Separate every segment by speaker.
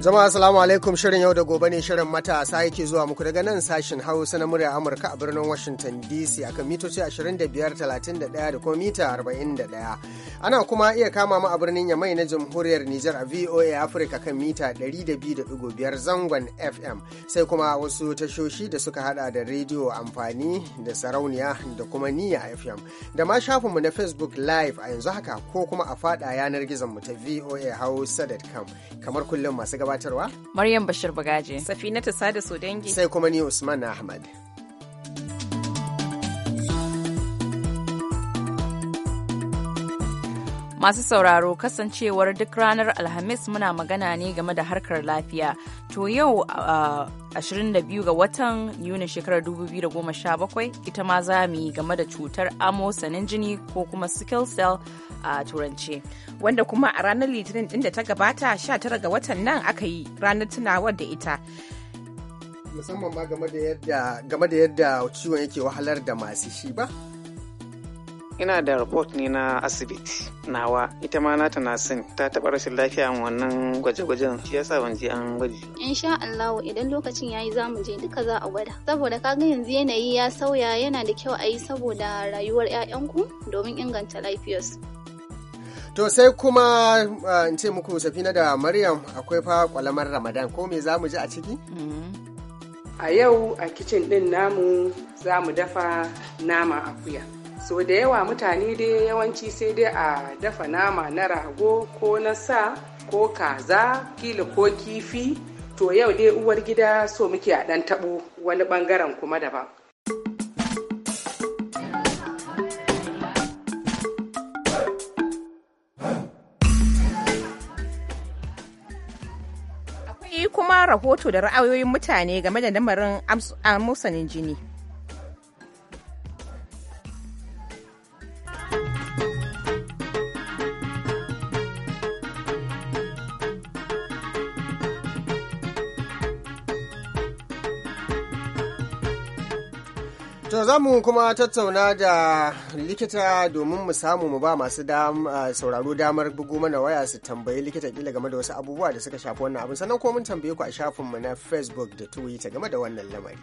Speaker 1: zama asalamu alaikum shirin yau da gobe ne shirin matasa yake zuwa muku daga nan sashin Hausa na murya Amurka a birnin Washington DC akan mitoci 25, 31 da kuma mita 41. Ana kuma iya kama mu a birnin Yamai na Jamhuriyar Nijar a VOA Africa kan mita 102.5 zangon FM sai kuma wasu tashoshi da suka hada da rediyo amfani da sarauniya da kuma niya FM da ma shafinmu na Facebook Live a yanzu haka ko kuma a fada yanar gizon mu ta VOA Hausa.com kamar kullum masu gabatarwa.
Speaker 2: Maryam Bashir Bagaje. Safinatu Sada Sodangi. Sai
Speaker 1: kuma ni Usman Ahmad.
Speaker 2: Masu sauraro kasancewar duk ranar Alhamis muna magana ne game da harkar lafiya. To yau uh, ah, 22 ga watan Yuni shekarar 2017 ita ma za mu yi game da cutar amo sanin jini ko kuma sickle cell a uh, turance. Wanda kuma a ranar
Speaker 3: Litinin din da ta gabata 19 ga watan nan aka yi ranar tunawar da ita.
Speaker 1: Musamman ma game da yadda ciwon yake wahalar da masu shi ba. ina da report ne na asibiti nawa ita ma nata na sin ta taɓa rashin lafiya wannan gwaje-gwajen shi yasa ban je an gwaji.
Speaker 4: insha Allah idan lokacin
Speaker 3: yayi za mu je duka za a gwada saboda kaga yanzu yanayi ya sauya yana da kyau a yi saboda
Speaker 5: rayuwar 'ya'yanku domin inganta lafiyarsu.
Speaker 1: To sai kuma in ce muku safina da Maryam akwai fa kwalamar Ramadan ko me za mu ji a ciki?
Speaker 6: A yau a kicin ɗin namu za mu dafa nama akuya. so da yawa mutane dai yawanci sai dai a dafa nama na rago ko na sa ko kaza kila ko kifi to yau dai uwar gida so muke a ɗan taɓo wani ɓangaren kuma daban
Speaker 3: akwai kuma rahoto da ra'ayoyin mutane game da lamarin amusanin jini
Speaker 1: za mu kuma tattauna da likita domin mu samu mu ba masu sauraro damar bugu mana waya su tambayi likita kila game da wasu abubuwa da suka shafi wannan abin sannan ko mun tambaye ku a shafinmu na facebook da twitter game da wannan lamari.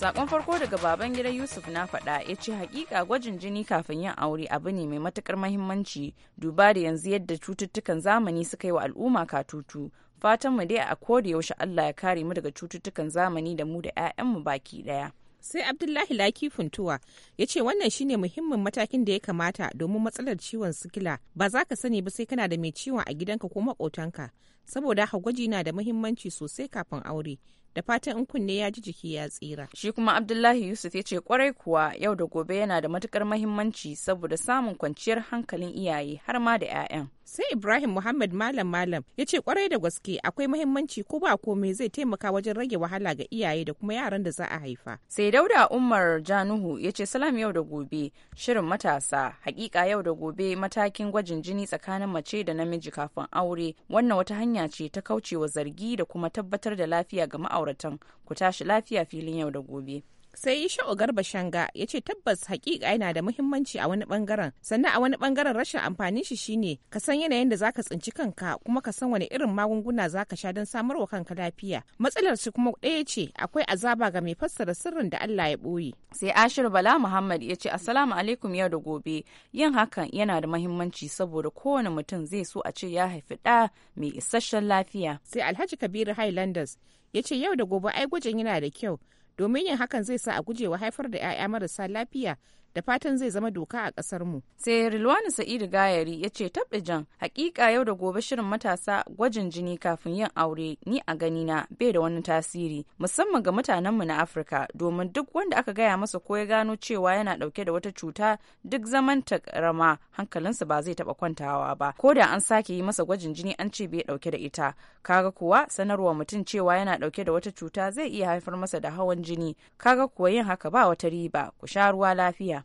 Speaker 2: sakon farko daga baban gida yusuf na faɗa ya ce hakika gwajin jini kafin yin aure abu ne mai matukar mahimmanci duba da yanzu yadda cututtukan zamani suka yi wa al'umma katutu fatan mu dai a koda yaushe allah ya kare mu daga cututtukan zamani da mu da 'ya'yanmu baki ɗaya. sai abdullahi laki funtuwa ya ce wannan shine muhimmin matakin
Speaker 3: da ya kamata domin matsalar ciwon sikila ba za ka sani ba sai kana da mai ciwon a gidanka ko makotanka saboda haka na da muhimmanci sosai kafin aure da fatan in kunne ya ji jiki
Speaker 2: ya tsira. Shi kuma Abdullahi Yusuf ya ce kwarai kuwa yau da gobe yana da matukar mahimmanci saboda samun kwanciyar hankalin iyaye har ma da 'ya'yan. Sai Ibrahim Muhammad Malam Malam
Speaker 3: ya ce kwarai da gaske akwai mahimmanci ko ba komai zai taimaka wajen rage wahala ga iyaye da kuma yaran
Speaker 2: da za a haifa. Sai Dauda Umar Januhu ya ce salam yau da gobe shirin matasa hakika yau da gobe matakin gwajin jini tsakanin mace da namiji kafin aure wannan wata hanya ce ta kaucewa zargi da kuma tabbatar da lafiya ga ma'aurata ma'auratan ku tashi lafiya
Speaker 3: filin yau da gobe. sai sha'o garba shanga ya ce tabbas hakika yana da muhimmanci a wani bangaren sannan a wani bangaren rashin amfanin shi shine ka san yanayin da zaka tsinci kanka kuma ka san wani irin magunguna zaka sha don samar wa kanka lafiya matsalar su kuma ɗaya ce akwai azaba
Speaker 2: ga mai fassara sirrin da Allah ya ɓoye sai ashir bala muhammad ya ce assalamu alaikum yau da gobe yin hakan yana da muhimmanci saboda kowane mutum zai so a ce ya haifi ɗa mai isasshen lafiya sai alhaji kabiru highlanders ya ce yau da gobe ai gwajin yana da kyau
Speaker 3: domin yin hakan zai sa a gujewa haifar da 'ya'ya marasa lafiya da fatan zai zama doka a kasar mu
Speaker 2: sai rilwani sa'idu gayari ya ce jan hakika yau da gobe shirin matasa gwajin jini kafin yin aure ni a gani na bai da wani tasiri musamman ga mutanen mu na afirka domin duk wanda aka gaya masa ko ya gano cewa yana dauke da wata cuta duk zaman ta rama hankalinsa ba zai taba kwantawa ba ko da an sake yi masa gwajin jini an ce bai dauke da ita kaga kuwa sanarwa mutum cewa yana dauke da wata cuta zai iya haifar masa da hawan jini kaga kuwa yin haka ba wata riba ku sha ruwa lafiya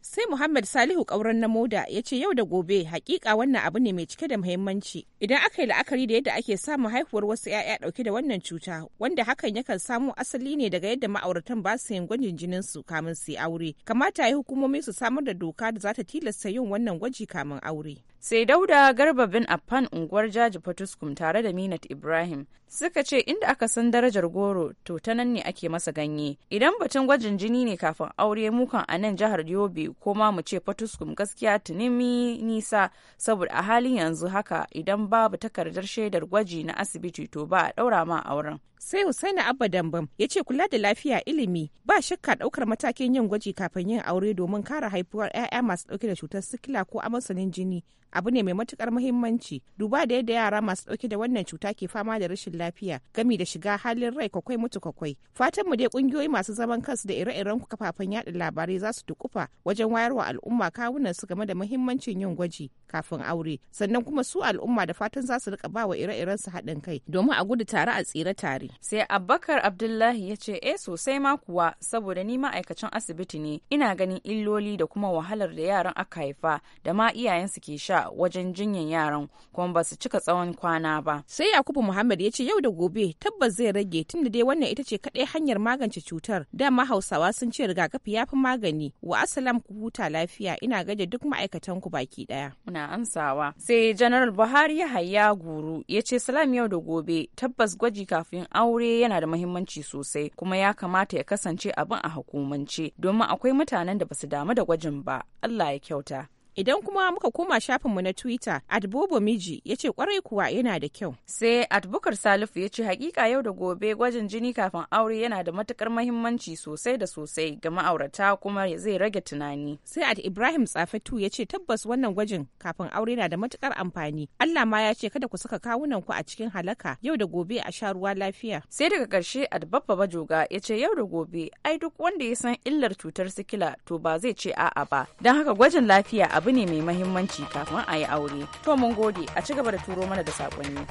Speaker 2: sai muhammad salihu kauran
Speaker 3: na moda ya ce yau da gobe hakika wannan abu ne mai cike da muhimmanci idan aka yi la'akari da yadda ake samun haihuwar wasu 'ya'ya dauke da wannan cuta wanda hakan yakan samo asali ne daga yadda ma'auratan ba su yin gwajin jinin su kamin su aure kamata ya hukumomi su samar da doka da za ta tilasta
Speaker 2: yin wannan gwaji kamin aure sai dauda garba bin affan unguwar jaji fatuskum tare da minat ibrahim suka ce inda aka san darajar goro to ta nan ne ake masa ganye idan batun gwajin jini ne kafin aure mukan a nan jihar yobe koma ko ma mu ce fatuskum gaskiya tunimi nisa saboda a halin yanzu haka idan babu takardar shaidar gwaji na asibiti to ba a daura ma auren sai Husaini Abba Dambam ya ce kula da lafiya
Speaker 3: ilimi ba shakka daukar matakin yin gwaji kafin yin aure domin kare haifuwar 'ya'ya masu dauke da cutar sikila ko amasanin jini abu ne mai matukar muhimmanci duba da yadda yara masu dauke da wannan cuta ke fama da rashin lafiya gami da shiga halin rai kwakwai mutu kwakwai fatan mu dai kungiyoyi masu zaman kansu da ire-iren kafafen yada labarai za su tukufa wajen wayarwa al'umma kawunan su game da muhimmancin yin gwaji kafin aure sannan kuma su al'umma da fatan za su rika bawa ire-iren
Speaker 2: su haɗin kai domin a gudu tare a tsira tare. Sai Abubakar Abdullahi ya ce eh sosai ma kuwa saboda ni ma'aikacin asibiti ne ina ganin illoli da kuma wahalar da yaran aka haifa da ma iyayensu ke sha wajen jinyan yaran kuma ba su cika tsawon kwana ba. Sai Yakubu Muhammad ya ce yau da gobe tabbas zai rage tunda dai wannan ita ce kaɗai hanyar magance cutar
Speaker 3: dama Hausawa sun ce rigakafi ya fi magani wa asalam ku huta lafiya ina gaje duk
Speaker 2: ma'aikatan ku baki ɗaya. na amsawa. Sai janaral Buhari haya Guru ya ce salam yau da gobe tabbas gwaji kafin aure yana da mahimmanci sosai kuma ya kamata ya kasance abin a hukumance domin akwai mutanen da basu damu da gwajin ba. Allah ya kyauta.
Speaker 3: Idan kuma muka koma shafinmu na Twitter, at bobo Miji ya ce kwarai kuwa yana da kyau.
Speaker 2: Sai at bukar Salifu ya ce hakika yau da gobe gwajin jini kafin aure yana da matukar mahimmanci sosai da sosai ga ma'aurata kuma zai rage tunani. Sai at Ibrahim Tsafatu
Speaker 3: ya ce tabbas wannan gwajin kafin aure yana da matukar amfani. Allah ma ya ce kada ku saka kawunan ku a
Speaker 2: cikin halaka yau da gobe a sha ruwa lafiya. Sai daga karshe at babba Bajoga ya ce yau da gobe ai duk wanda ya san illar cutar sikila to ba zai ce a'a ba. Don haka gwajin lafiya abu abu ne mai mahimmanci kafin a yi aure to mun gode a ci gaba da turo mana da saƙonni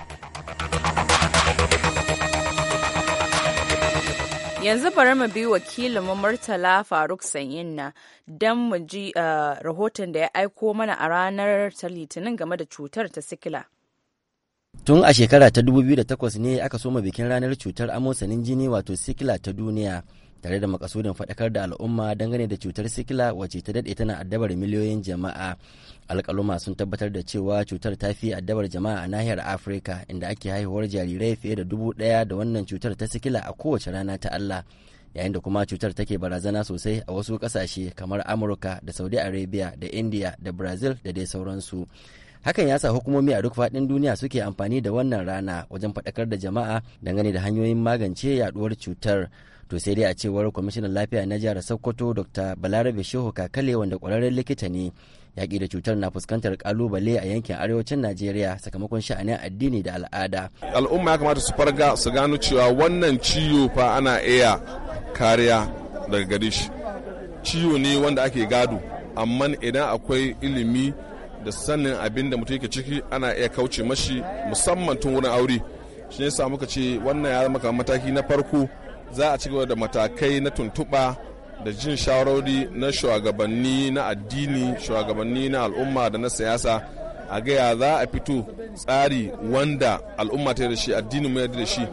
Speaker 2: yanzu bari mu bi wakilinmu murtala faruk sanyinna don mu ji eh, rahoton da ya aiko mana a ranar ta litinin game da cutar ta sikila
Speaker 7: tun a shekara ta 2008 ne aka soma bikin ranar cutar amosanin jini wato sikila ta duniya tare da makasudin faɗakar da al'umma dangane da cutar sikila wacce ta daɗe tana addabar miliyoyin jama'a alƙaluma sun tabbatar da cewa cutar ta fi addabar jama'a a nahiyar afirka inda ake haihuwar jarirai fiye da dubu ɗaya da wannan cutar ta sikila a kowace rana ta allah yayin da kuma cutar take barazana sosai a wasu kasashe kamar amurka da saudi arabia da india da brazil da dai sauransu hakan ya sa hukumomi a duk faɗin duniya suke amfani da wannan rana wajen faɗakar da jama'a dangane da hanyoyin magance yaduwar cutar to sai dai a cewar kwamishinan lafiya na jihar sokoto dr balarabe shehu kakale wanda kwararren likita ne yaƙi da cutar na fuskantar kalubale a yankin arewacin najeriya sakamakon sha'anin addini da al'ada
Speaker 4: al'umma ya kamata su farga su gano cewa wannan ciwo fa ana iya kariya daga gare shi ciwo ne wanda ake gado amma idan akwai ilimi da sanin abin da mutum yake ciki ana iya kauce mashi musamman tun wurin aure shi ne sa muka ce wannan ya zama mataki na farko za a ci gaba da matakai na tuntuɓa da jin shawarwari na shugabanni na addini shugabanni na al'umma da na siyasa a gaya za a fito tsari wanda al'umma ta da shi addinin mu da shi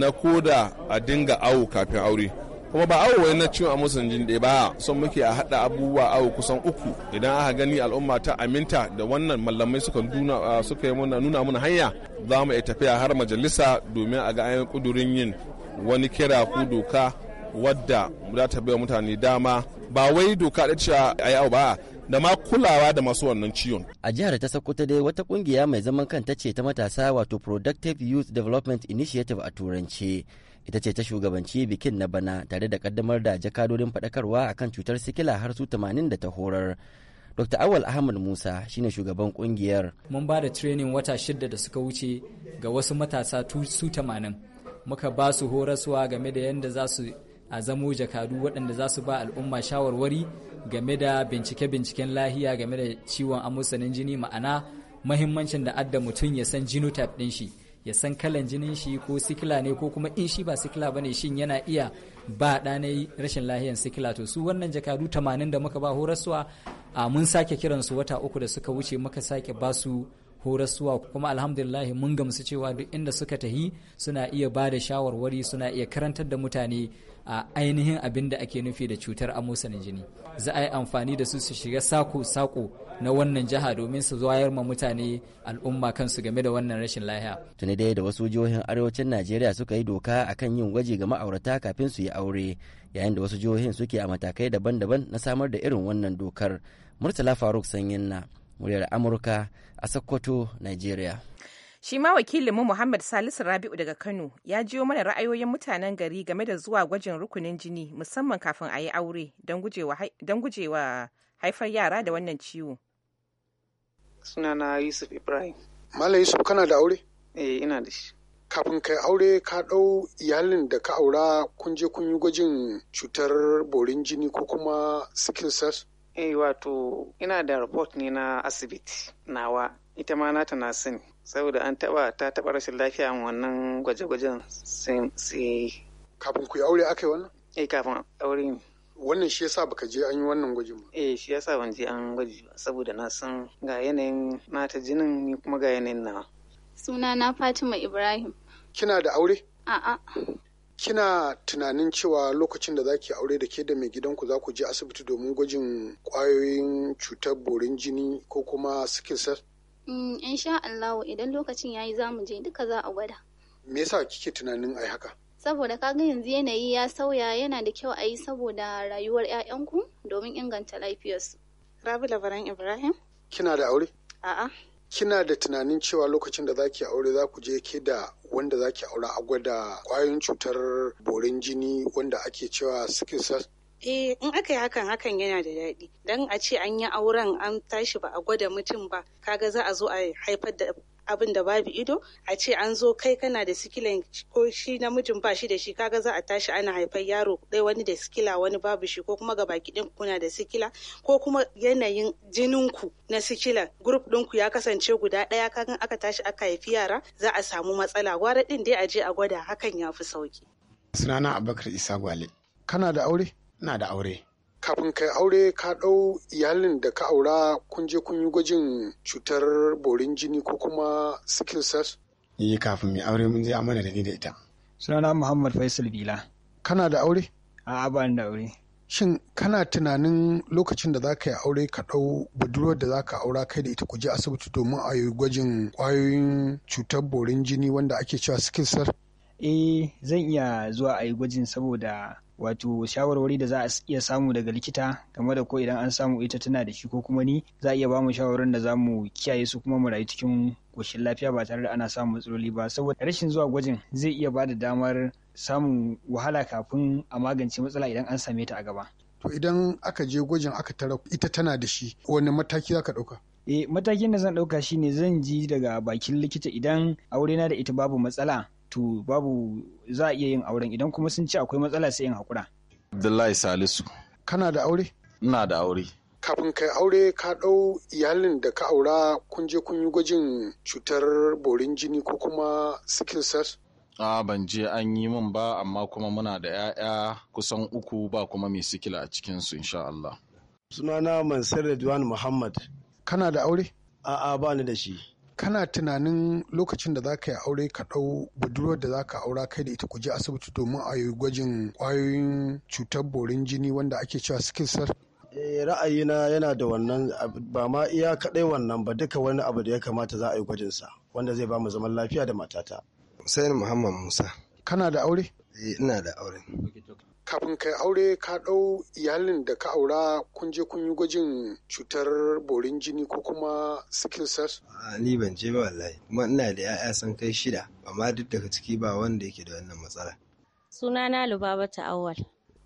Speaker 4: na koda a dinga awo kafin aure kuma ba awo wai na cin a musun jin ɗaya ba son muke a haɗa abubuwa awo kusan uku idan aka gani al'umma ta aminta da wannan mallamai suka nuna suka nuna mana hanya za mu iya tafiya har majalisa domin a ga ayin kudurin yin wani kira ku doka wadda za ta bai mutane dama ba wai doka da cewa a yi ba da ma kulawa
Speaker 7: da masu wannan ciwon. A jihar ta Sokoto dai wata kungiya mai zaman kanta ce ta matasa wato Productive Youth Development Initiative a Turanci. Ita ce ta shugabanci bikin na bana tare da kaddamar da jakadodin faɗakarwa akan cutar sikila har su 80 da ta horar. Dr. Awal Ahmad Musa shine shugaban kungiyar.
Speaker 6: Mun ba da training wata shida da suka wuce ga wasu matasa su 80 muka ba su horaswa game da yadda za su a zamo jakadu waɗanda za su ba al'umma shawarwari game da bincike-binciken lahiya game da ciwon amusanin jini ma'ana mahimmancin da adda mutum ya san genotype ɗin shi ya san kalan jinin shi ko sikila ne ko kuma in shi ba sikila ba ne shin yana iya ba ɗanai rashin lahiyan sikila to su wannan jakadu tamanin da muka ba horaswa a mun sake kiransu wata uku da suka wuce muka sake ba su horaswa kuma alhamdulillah mun gamsu cewa duk inda suka tahi suna iya ba da shawarwari suna iya karantar da mutane a ainihin abin da ake nufi da cutar amosanin jini za a yi amfani da su su shiga sako-sako na wannan jiha domin su zuwayar ma mutane al'umma kansu game da wannan rashin lahiya
Speaker 7: tuni dai da wasu jihohin arewacin najeriya suka yi doka akan yin gwaji ga ma'aurata kafin su yi aure yayin da wasu jihohin suke a matakai daban-daban na samar da irin wannan dokar murtala faruk sanyin na muryar amurka a sokoto nigeria
Speaker 3: shi ma wakilinmu muhammad salisu rabi'u daga kano ya jiyo mana ra'ayoyin mutanen gari game da zuwa gwajin rukunin jini musamman kafin a yi aure don gujewa haifar yara da wannan ciwo
Speaker 4: sunana yusuf ibrahim mala yusuf kana da aure eh ina da shi kafin kai aure ka ɗau iyalin da ka aura kun je kun yi gwajin
Speaker 1: cutar borin jini ko kuma sickle cell? eh wato ina da report ne na asibiti nawa ita ma nata na sin saboda an taba ta taba rashin lafiya wannan gwaje-gwajen sai kafin ku yi aure aka yi wannan eh kafin aure ne wannan shi yasa baka je an yi wannan gwajin ba eh shi yasa ban je an gwaji ba saboda na san ga yanayin nata jinin ni kuma ga yanayin nawa
Speaker 5: suna na Fatima Ibrahim
Speaker 4: kina da aure a'a kina tunanin cewa lokacin da zaki aure da ke da mai gidanku za ku je asibiti domin gwajin kwayoyin cutar borin jini ko kuma sickle cell?
Speaker 5: Mm, in sha Allah idan lokacin yayi za mu je duka za a
Speaker 3: gwada.
Speaker 4: Me yasa kike tunanin ai haka?
Speaker 3: Saboda kaga yanzu yanayi ya sauya yana da kyau a yi saboda rayuwar 'ya'yanku domin inganta lafiyarsu. Rabi Labaran Ibrahim?
Speaker 4: Kina da aure? A'a. kina da tunanin cewa lokacin da zaki aure za ku je ke da wanda zaki aura a gwada kwayoyin cutar borin jini wanda ake cewa sickle cell
Speaker 3: Eh, in aka yi hakan hakan yana da daɗi. Dan a ce an yi auren an tashi ba a gwada mutum ba, kaga za a zo a haifar da abin da babu ido a ce an zo kai kana da sikilan ko shi namijin ba shi da shi kaga za a tashi ana haifar yaro ɗaya wani da sikila wani babu shi ko kuma gaba ɗin kuna da sikila ko kuma yanayin jininku na sikila grup ɗinku ya kasance guda ɗaya kaga aka tashi aka haifi yara za a samu matsala gwara ɗin dai a je a gwada hakan ya fi sauki.
Speaker 4: sunana abubakar isa gwale kana da aure na da aure kafin kai aure ka ɗau iyalin da ka aura kun je kun yi gwajin cutar borin jini ko kuma sickle cells? Yi eh, kafin mai aure mun je amana da ni da ita. Sunana Muhammad Faisal Bila. Kana da aure? A'a ba da aure. Shin kana tunanin lokacin da za ka yi aure ka ɗau budurwar da za ka aura kai da ita ku je asibiti domin a yi gwajin ƙwayoyin cutar borin jini wanda ake cewa sickle cell? Eh zan iya zuwa a yi gwajin saboda wato shawarwari da za a iya samu daga likita game da ko idan an samu ita tana da shi ko kuma ni za a iya bamu shawarar da za mu kiyaye su kuma mu rayu cikin koshin lafiya ba tare da ana samun matsaloli ba saboda rashin zuwa gwajin zai iya ba da damar samun wahala kafin a magance matsala idan an same ta a gaba. To idan aka je gwajin aka tara ita tana da shi wani mataki za ka ɗauka? E, matakin da zan ɗauka shine zan ji daga bakin likita idan aure na da ita babu matsala to babu za a iya yin auren idan kuma sun ce akwai matsala sai yin haƙura. Abdullahi Salisu. Kana da aure? Ina da aure. Kafin kai aure ka ɗau iyalin da ka aura kun je kun yi gwajin cutar borin jini ko kuma sickle cell? A ban je an yi min ba amma kuma muna da 'ya'ya kusan uku ba kuma mai sikila a cikinsu insha Allah. Sunana Mansur Redwan Muhammad. Kana da aure? A'a ba ni da shi. kana tunanin lokacin da za ka yi aure ka ɗau budurwar da za ka aura kai da ita ku je asibiti domin a yi gwajin ƙwayoyin cutar borin jini wanda ake cewa sikilsar eh, ra'ayina yana da wannan ba ma iya kaɗai wannan ba duka wani abu da ya kamata za a yi gwajinsa wanda zai ba mu zaman lafiya da matata. Hussein Muhammad Musa. Kana da aure? Eh, ina da aure. kafin kai aure ka ɗau iyalin da ka aura kun je kun yi gwajin cutar borin jini ko kuma sickle cells?
Speaker 1: ni ban je ba wallahi kuma ina da 'ya'ya sun kai shida
Speaker 4: amma duk daga ciki ba wanda yake da wannan matsala.
Speaker 2: lubaba lubabatu awal.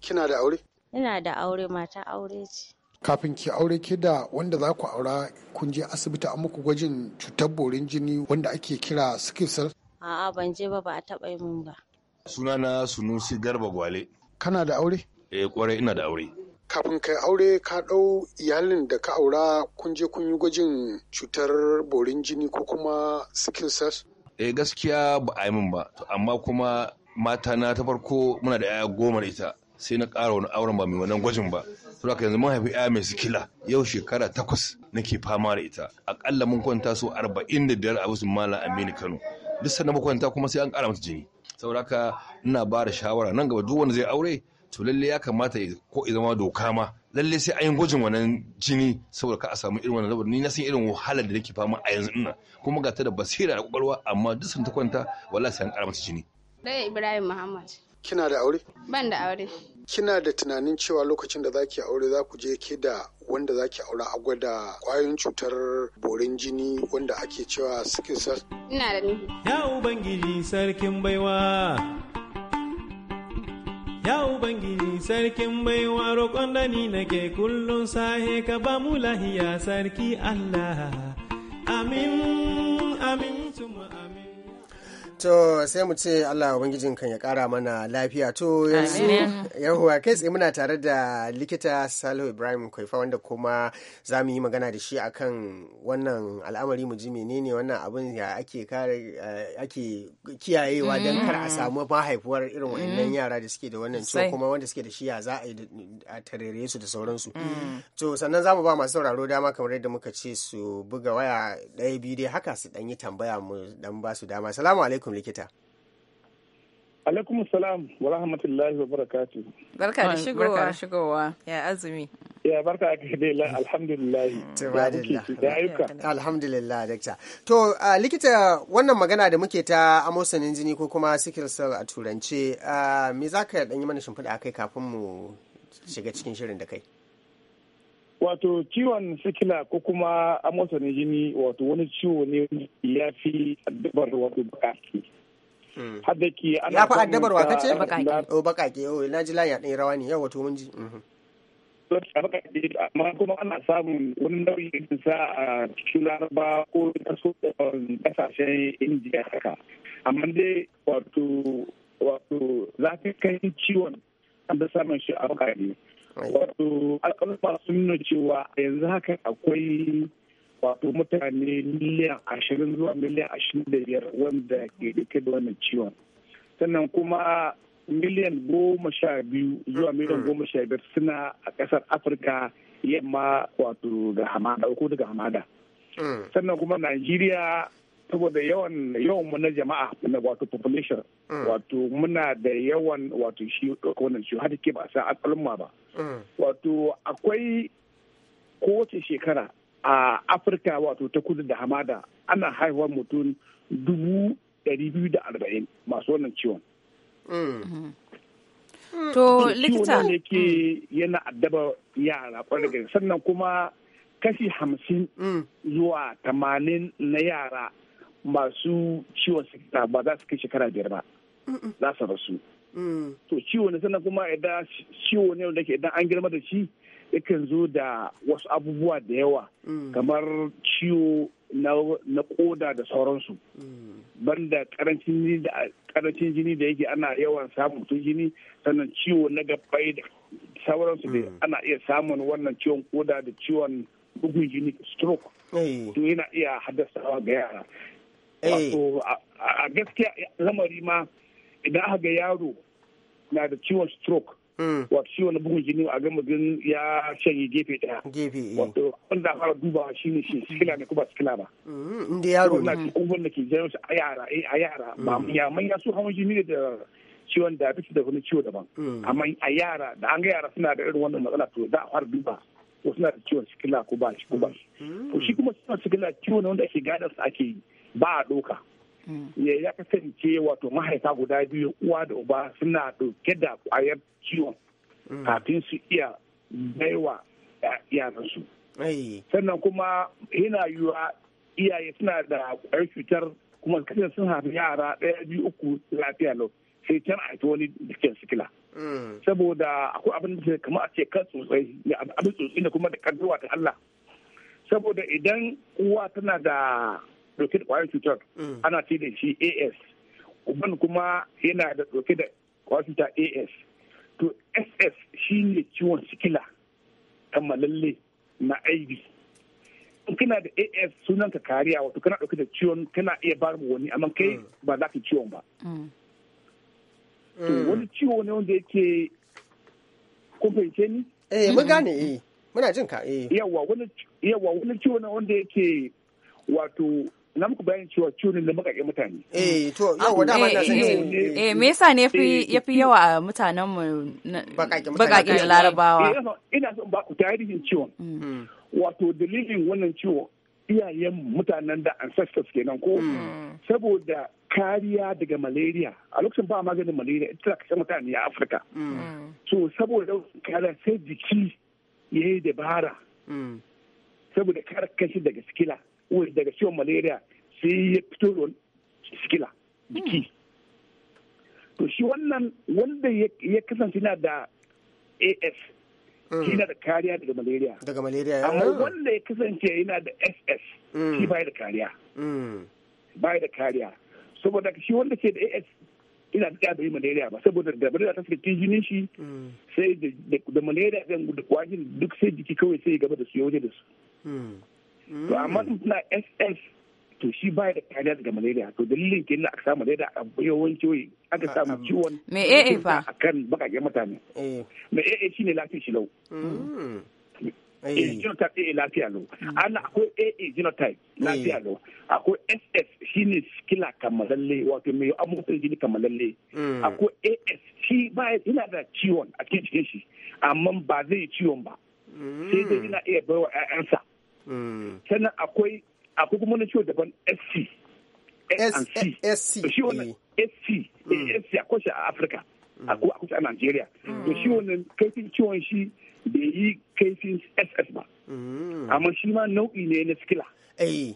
Speaker 2: kina da aure? ina da aure mata aure ce.
Speaker 4: kafin ki aure ke da wanda za ku aura kun je asibiti an muku gwajin cutar borin jini wanda ake kira sickle cell?
Speaker 2: a'a ban je ba ba a taɓa yi mun ba.
Speaker 4: sunana sunusi garba gwale Kana da aure? Eh kwarai ina da aure. Kafin kai aure ka ɗau iyalin da ka aura kun je kun yi gwajin cutar borin jini ko kuma sickle cells? Eh gaskiya ba a yi min ba, amma kuma mata na ta farko muna da 'ya'ya goma da ita sai na ƙara
Speaker 8: wani auren ba mai wannan gwajin ba. to yanzu mun haifi ya mai sikila yau shekara takwas nake fama da ita Aƙalla mun kwanta so arba'in da biyar a wasu malam aminu kano duk sannan kwanta kuma sai an ƙara mata jini sauraka ina ba da shawara nan gaba duk wanda zai aure to lalle ya kamata ko ya zama doka ma lalle sai an yi gwajin wannan jini saboda ka a samu irin wannan saboda ni na san irin wahalar da nake fama a yanzu ina kuma ga ta da basira da kwakwalwa amma duk sun ta kwanta
Speaker 4: wallahi sai an jini.
Speaker 2: Daya Ibrahim Muhammad. Kina da aure? Ban da aure. Kina da
Speaker 4: tunanin cewa lokacin da zaki aure za ku je ke da wanda zaki aura a gwada kwayoyin cutar borin jini wanda ake cewa sickle cell? Ina da nufi. Ya Ubangiji sarkin baiwa. Ya Ubangiji sarkin baiwa roƙon da ni nake kullum sahe ka ba mu lahiya sarki
Speaker 1: Allah.
Speaker 7: Amin, amin, tuma amin.
Speaker 1: To sai mu ce Allah Ubangijin kan ya kara mana lafiya. To yanzu yahuwa kai tsaye muna tare da likita Salihu Ibrahim Kwaifa wanda kuma za mu yi magana da shi akan wannan al'amari mu ji menene wannan abin ya ake kare eh, ake kiyayewa don kar a mm. samu mahaifuwar irin waɗannan mm. yara da suke da wannan ciwo kuma wanda suke da shi ya za a tarere su da sauransu. Mm. To sannan za mu ba masu sauraro dama kamar yadda muka ce su buga waya ɗaya biyu dai haka su ɗan yi tambaya mu dan ba su dama. Salamu alaikum. likita
Speaker 8: alaikum salam wa rahmatullahi wa barakatu barka da shigowa
Speaker 5: barka da
Speaker 1: shigowa ya azumi ya barka a kashe la alhamdulillahi mm. da alhamdulillah dakta to uh, likita wannan magana da muke ta amosanin jini ko kuma sickle cell a turance uh, me za ka yi mana shimfiɗa kai kafin mu shiga cikin shirin da kai
Speaker 8: wato ciwon sikila ko kuma amosanin jini wato wani ciwo ne ya fi addabar wato bakaki hmm. hadda ke ana ya fi addabar wa ce? bakaki
Speaker 1: o bakaki o na ji laya ɗin rawa ne yau wato mun ji mhm. amma kuma ana samun wani nauyi sa
Speaker 8: a cikin laraba ko kaso kasashen um, indiya haka amma dai wato wato zafi kan ciwon an da samun shi a bakaki Wato alƙalma sun nuna cewa yanzu haka akwai wato mutane miliyan ashirin zuwa miliyan ashirin da biyar wanda ke dauke da wannan ciwon. Sannan kuma miliyan goma sha biyu zuwa miliyan mm. goma sha biyar suna a ƙasar Afirka yamma wato ga hamada ko daga hamada. Mm. Sannan kuma Najeriya saboda yawan yawan mu na jama'a na wato population mm. wato muna da yawan wato shi wannan shi har ke ba sa al'umma ba mm. wato akwai kowace shekara a afirka wato ta kudu da hamada ana haihuwar mutum
Speaker 5: dubu
Speaker 8: dari biyu da arba'in masu wannan ciwon
Speaker 5: mm. Mm-hmm. to likita ne
Speaker 8: ke yana addaba yara kwarai sannan kuma kashi hamsin zuwa tamanin na yara masu ciwon sikila ah, ba za su kai shekara biyar ba za su rasu mm. to ciwo ne sannan kuma idan ciwo ne da ke idan an girma da shi yakan zo da wasu abubuwa da yawa mm. kamar ciwo na koda da sauransu mm. banda karancin jini da yake ana yawan samun tun jini sannan ciwo na gabbai da sauransu da ana iya samun wannan ciwon koda da ciwon bugun jini stroke to yana iya haddasawa ga yara wato eh. a gaskiya lamari ma idan aka ga yaro na da ciwon stroke hmm. wato ciwon bugun jini a gama gan ya shanye gefe daya gefe eh. wato wanda a fara dubawa ne shi sikila ne ko ba sikila ba
Speaker 1: hmm, inda yaro na
Speaker 8: abubuwan da ke jawo shi a yara eh, a yara hmm. ba ya manya su hawan jini da ciwon diabetes da wani ciwo daban amma a yara da an ga yara suna da irin wannan matsala to za a fara duba ko suna da ciwon sikila ko ba shi ko ba shi to shi kuma ciwon sikila ciwo ne wanda ake gadar ake yi ba a ɗauka mm. ya kasance wato mahaifa guda biyu uwa da uba suna ɗauke da ƙwayar ciwon mm. kafin su iya
Speaker 5: baiwa
Speaker 8: yaransu sannan kuma yana yiwuwa iyaye suna da ƙwayar cutar kuma kasan sun haifi yara ɗaya biyu uku lafiya lau sai can a ita wani jikin sikila mm. saboda akwai abin da kama a ce kan tsotsai abin tsotsi da kuma da kaddowa ta Allah saboda idan uwa tana da dauke da kwayar cutar mm. ana ce da shi as uban kuma yana da dauke da kwayar cutar as to ss shi ne ciwon sikila kammalalle na iv in kana da as ka kariya wato kana dauke da ciwon kana iya bar wani amma kai mm. ba za ka ciwon ba mm. wani ciwo ne wanda yake kumfance ni eh mun gane eh muna jin ka eh yawa wani yawa wani ciwo ne wanda yake wato na muku bayan cewa ciwon ne na makaƙe mutane. Eh to yawa da ba Eh me yasa ne ya fi eh,
Speaker 2: yawa a mutanen mu da larabawa.
Speaker 8: Eh, ina son ba ku tarihin ciwon. Mm. Mm. Wato dalilin wannan ciwo iyayen mutanen da ancestors kenan ko mm. saboda kariya daga malaria a lokacin ba maganin malaria ita ta kashe mutane a Afirka. So saboda kariya sai jiki ya yi dabara. Saboda kare kashi daga sikila. daga ciwon malaria sai ya fito da sikila jiki hmm. to shi wannan wanda ya kasance na da af shi hmm. na da kariya daga malaria daga malaria amma hmm. wanda ya kasance yana da ss shi bai da kariya bai da kariya saboda shi wanda ke da as ina da bai malaria ba saboda da malaria ta suka jinin shi sai da malaria zan da kwajin duk sai jiki kawai sai gaba da su ya waje da su to amma in suna ss to shi baya da kariya daga malaria to dalilin kenan aka samu malaria a yawanci aka samu ciwon me ee fa a akan bakakken mutane eh. me ee shine lafiya shi lau hmm. eh, eh. genotype AA lafiya lau hmm. ana akwai AA genotype lafiya lau akwai SS shine sikila kamalalle wato mai amurkan jini kamalalle
Speaker 5: hmm. akwai
Speaker 8: AS shi ba yana da ciwon a cikin jikin shi amma ba zai yi ciwon ba sai dai yana iya baiwa 'ya'yansa
Speaker 5: sannan
Speaker 8: akwai akwai kuma na ciwo daban sc sc shi wannan sc eh, mm. sc a mm. kwashe a afirka a kwashe a nigeria to shi mm. wannan kaifin ciwon shi bai yi kaifin ss ba amma shi ma nau'i ne na skila eh.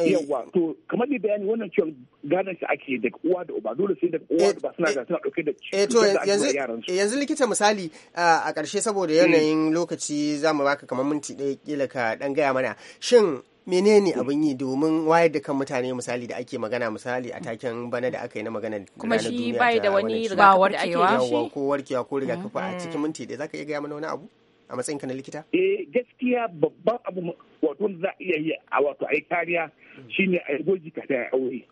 Speaker 8: Eh, yawa to kamar da bayani wannan ciwon gadon shi ake daga uwa da uba dole sai daga uwa eh, eh, da suna da suna dauke da ciwon da yaran
Speaker 1: yanzu likita misali a ƙarshe saboda hmm. yanayin lokaci zamu baka kamar minti ɗaya kila ka dan gaya mana shin menene hmm. abin yi domin wayar da kan mutane misali da ake magana misali a taken bana da aka yi na magana kuma shi bai da wani rigakafi da ake yi ko warkewa ko rigakafi a hmm. cikin minti da zaka iya gaya mana wani abu a matsayinka na likita? Eh gaskiya babban abu wato za a iya yi a wato yi kariya shine ai goji ka sai aure.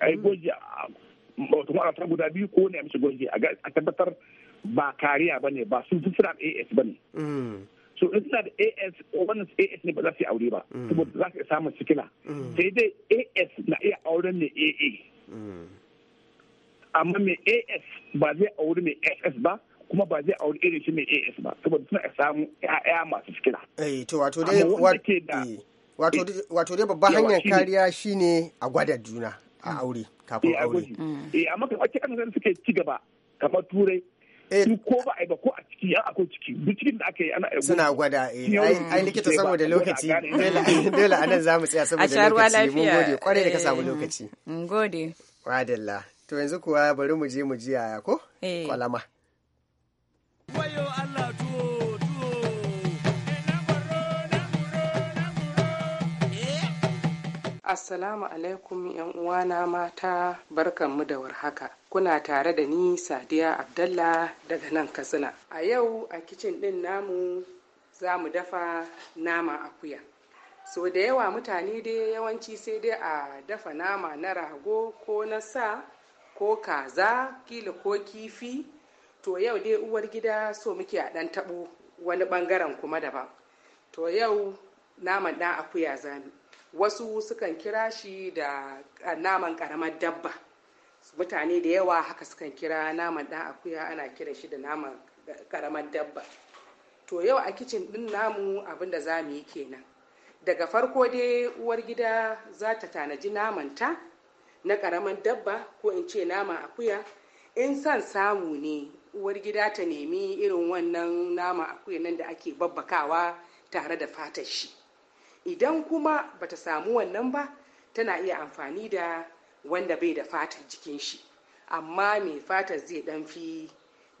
Speaker 8: Ai mm. goji wato ma'aurata guda biyu ko ne a mishi goji a tabbatar ba kariya ba ne ba sun fi suna da AS ba ne. Mm. So in suna da AS wannan AS ne ba za su yi aure ba mm. saboda za su iya samun sikila. Sai dai AS na iya auren ne AA. Amma mai AS ba zai aure mai SS ba
Speaker 1: kuma ba zai auri irin shi mai AS ba saboda suna samu ya masu fikira Eh to wato eh, eh, dai wato dai babban hanyar kariya shine a gwada juna a mm. aure kafin eh, aure. Eh amma kamar wace kan suke ci gaba kamar turai su
Speaker 8: ko ba a yi ba ko a ciki ya akwai ciki duk cikin da aka yi ana yi suna gwada ai likita saboda lokaci
Speaker 2: dole anan za mu tsaya saboda lokaci mun gode kwarai da ka samu
Speaker 1: lokaci gode wadalla to yanzu kuwa bari mu je mu ji yaya ko kwalama
Speaker 2: wayo
Speaker 6: Assalamu alaikum yan uwana mata barkanmu da warhaka kuna tare da ni Sadiya Abdallah daga nan Katsina a yau a kicin ɗin namu za mu dafa nama akuya so da yawa mutane dai yawanci sai dai a dafa nama na rago ko na sa ko kaza kila ko kifi to yau dai uwar gida so muke a ɗan taɓo wani ɓangaren kuma daban to yau naman ɗan akuya zami wasu sukan kira shi da naman ƙaramar dabba mutane da yawa haka sukan kira naman ɗan akuya ana kiran shi da naman ƙaramar dabba to yau a kicin ɗin namu abin da za mu yi kenan daga farko dai uwar gida za ta tanaji namanta na ƙaramar dabba ko in ce naman akuya in son samu ne uwar gida ta nemi irin wannan nama akuya nan da ake babbakawa tare da fatar shi idan kuma bata samu wannan ba tana iya amfani da wanda bai da fatar jikin shi amma mai fatar zai dan fi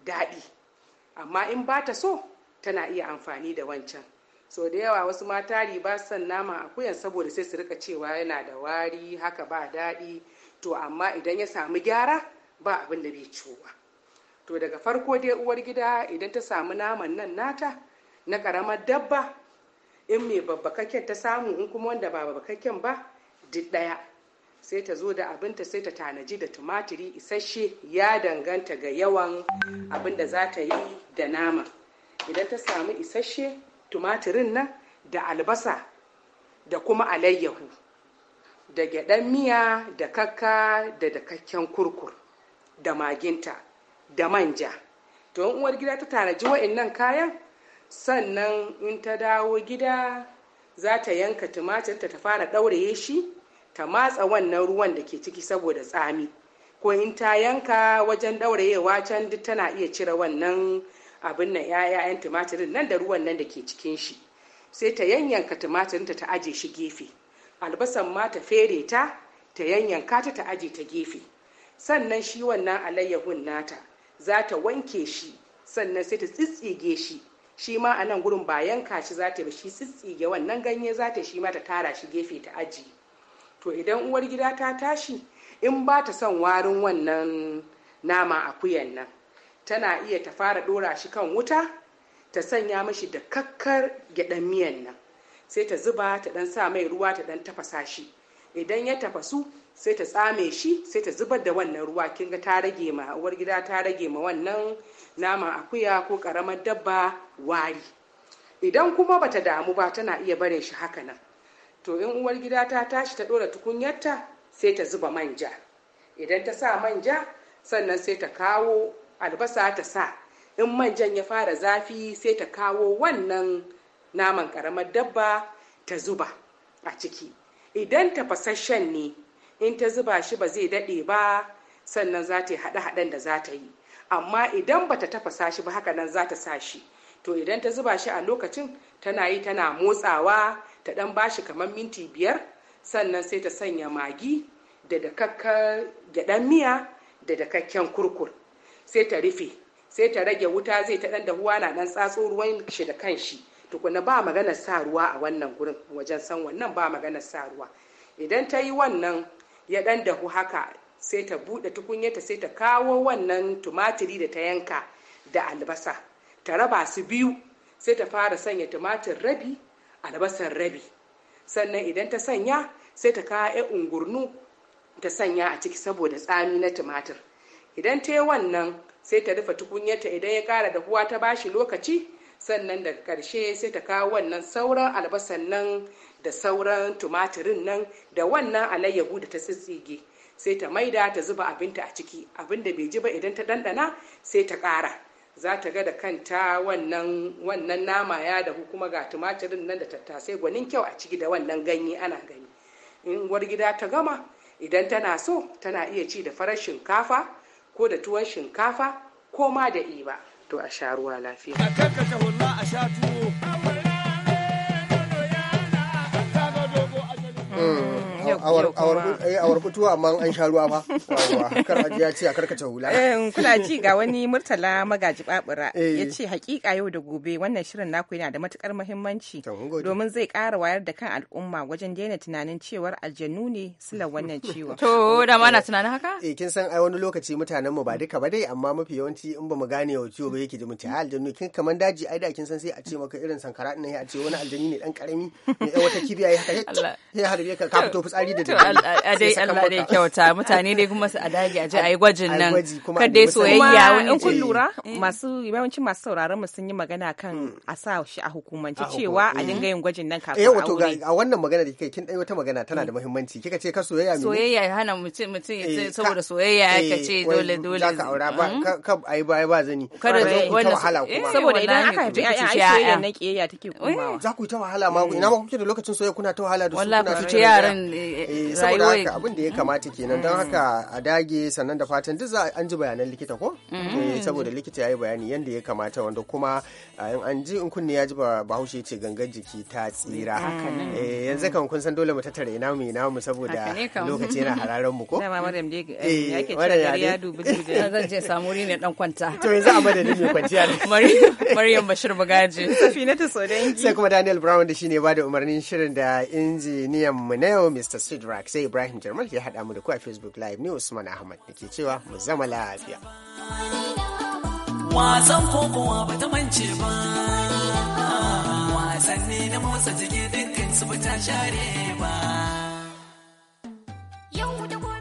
Speaker 6: daɗi amma in ba ta so tana iya amfani da wancan so da yawa wasu mata riba son nama akuyan saboda sai su rika cewa yana da wari haka ba daɗi to amma idan ya samu gyara ba abinda bai ciwo ba to daga farko dai uwar gida idan ta samu naman nan nata na karamar dabba in mai babbakakken ta samu in kuma wanda ba babbakakken ba duk ɗaya sai ta zo da abinta sai ta tanaji da tumatiri isasshe ya danganta ga yawan abin da za ta yi da nama idan ta samu isasshe tumatirin nan da albasa da kuma alayyahu da gyaɗan miya da kakka da dakakken kurkur da maginta da manja to in uwar gida ta tanaji wa'annan kayan sannan in ta dawo gida za ta yanka tumatirta ta fara ɗauraye shi ta matsa wannan ruwan da ke ciki saboda tsami ko in ta yanka wajen ɗaurayewa can duk tana iya cire wannan abin nan ‘ya'ya'yan tumatirin nan da ruwan nan da ke cikin shi sai ta yanyanka tumatirinta ta aje shi gefe albasan ma ta fere ta ta yanyanka ta ta aje ta gefe sannan shi wannan alayyahun nata za ta wanke shi sannan sai ta tsitsige shi shi ma a nan gurin ba yanka shi za ta shi tsitsige wannan ganye za ta shi ma ta tara shi gefe ta aji to idan uwar gida ta tashi in ba ta son warin wannan nama akuyan nan tana iya ta fara ɗora shi kan wuta ta sanya mashi da kakkar gyaɗan miyan nan sai ta zuba ta ɗan sa mai ruwa ta ɗan tafasa shi idan ya tafasu sai ta tsame shi sai ta zubar da wannan ruwa kin ga ta rage ma uwar gida ta rage ma wannan naman akuya ko karamar dabba wari idan kuma bata damu ba tana iya bare shi haka nan to in uwar gida ta tashi ta dora tukunyarta sai ta zuba manja idan ta sa manja sannan sai ta kawo albasa ta sa in manjan ya fara zafi sai ta kawo wannan naman karamar dabba ta zuba a ciki idan tafasasshen ne in ta zuba shi ba zai daɗe ba sannan za ta yi haɗe-haɗen da za ta yi amma idan ba ta tafasa shi ba haka nan za ta sa shi to idan ta zuba shi a lokacin tana yi tana motsawa ta ɗan ba shi kamar minti biyar sannan sai ta sanya magi da dakakken gyaɗan miya da dakakken kurkur sai ta rufe sai ta rage wuta zai ta ɗan dahuwa na ɗan tsatso ruwan shi da kan shi. tukuna ba magana sa ruwa a wannan gurin wajen san wannan ba magana sa ruwa idan ta yi wannan ya dan dahu haka sai ta bude tukunyarta sai ta kawo wannan tumatiri da ta yanka da albasa ta raba su biyu sai ta fara sanya tumatir rabi albasar rabi sannan idan ta sanya sai ta kawo 'yan ungurnu ta sanya a ciki saboda tsami na tumatir idan ta yi wannan sai ta rufe tukunyarta idan ya kara dahuwa ta bashi lokaci sannan daga karshe sai ta kawo wannan sauran albasan nan da sauran tumatirin nan da wannan alayyahu da ta tsitsige sai ta maida ta zuba abinta a ciki abinda bai ji ba idan ta dandana sai ta kara za ta ga da kanta wannan wannan nama ya dahu kuma ga tumatirin nan da tattasai gwanin kyau a ciki da wannan ganye ana gani in war gida ta gama idan tana so tana iya ci da farar shinkafa ko da tuwon shinkafa ko ma da iba
Speaker 5: وأشعر ولا فيه
Speaker 1: awar kutuwa eh, amma an sha ruwa ba kar a ya ce a karkace hula eh, kuna ji
Speaker 3: ga wani murtala magaji babura eh. ya ce hakika yau da gobe wannan shirin naku yana da matukar muhimmanci domin zai kara wayar da kan al'umma wajen daina tunanin cewar aljanu ne silar wannan ciwon to da ma na
Speaker 1: tunanin haka eh kin san ai wani lokaci mutanen mu ba duka ba dai amma mafi yawanci in ba mu gane wa ciwo ba yake ji mutum ah, aljanu kin kaman daji ai da kin san sai a ce maka irin sankara ne a ce wani aljani ne dan karami ne wata kibiya ya harbe ka ka fito fitsari bi da dai Allah dai kyauta mutane
Speaker 2: dai kuma su adage a je a yi gwajin nan kada dai soyayya wani in kun
Speaker 3: lura eh. masu yawanci masu sauraron mu sun yi magana kan hmm. a sa shi a hukumance cewa a hmm. dinga yin gwajin nan kafin eh, aure.
Speaker 1: wato a wannan magana da kai kin dai wata magana tana eh. da muhimmanci kika ce ka soyayya ne soyayya
Speaker 2: hana mutum mutum saboda soyayya ka ce dole dole ka aura ba
Speaker 1: hmm? ka ai ba ba zani kada wannan wahala kuma saboda idan aka haifi ƴaƴa ai soyayya na
Speaker 3: kiyayya take komawa
Speaker 1: za ku yi ta wahala ma ina ma kuke da lokacin soyayya kuna ta wahala da su kuna ta yaran
Speaker 5: Eh, saboda haka
Speaker 1: abin da ya mm. kamata kenan don haka a dage sannan da fatan duk za an ji bayanan likita ko mm-hmm. eh, saboda likita ya yi bayani yadda ya kamata wanda kuma in an ji in kunne ya ji bahaushe ce gangan jiki ta tsira mm. eh, yanzu kan kun san dole mu tattara ina mu ina mu saboda lokaci yana hararen mu ko dama madam
Speaker 2: dai yake cewa ya dubi dubi zan je samu ne dan kwanta to yanzu a madadin mai kwanciya ne. Maryam Bashir Bagaji Safina
Speaker 1: ta Sodangi sai kuma Daniel Brown da shine ba da umarnin shirin da injiniyan mu na yau Mr. sidrak sai ibrahim jarmal ya haɗa mu da ku a facebook live ne usman ahmad da ke cewa mu zama lafiya wasan
Speaker 6: kokowa ba ta mance ba wasanni na motsa jiki dukkan
Speaker 5: su ba ta share ba yau da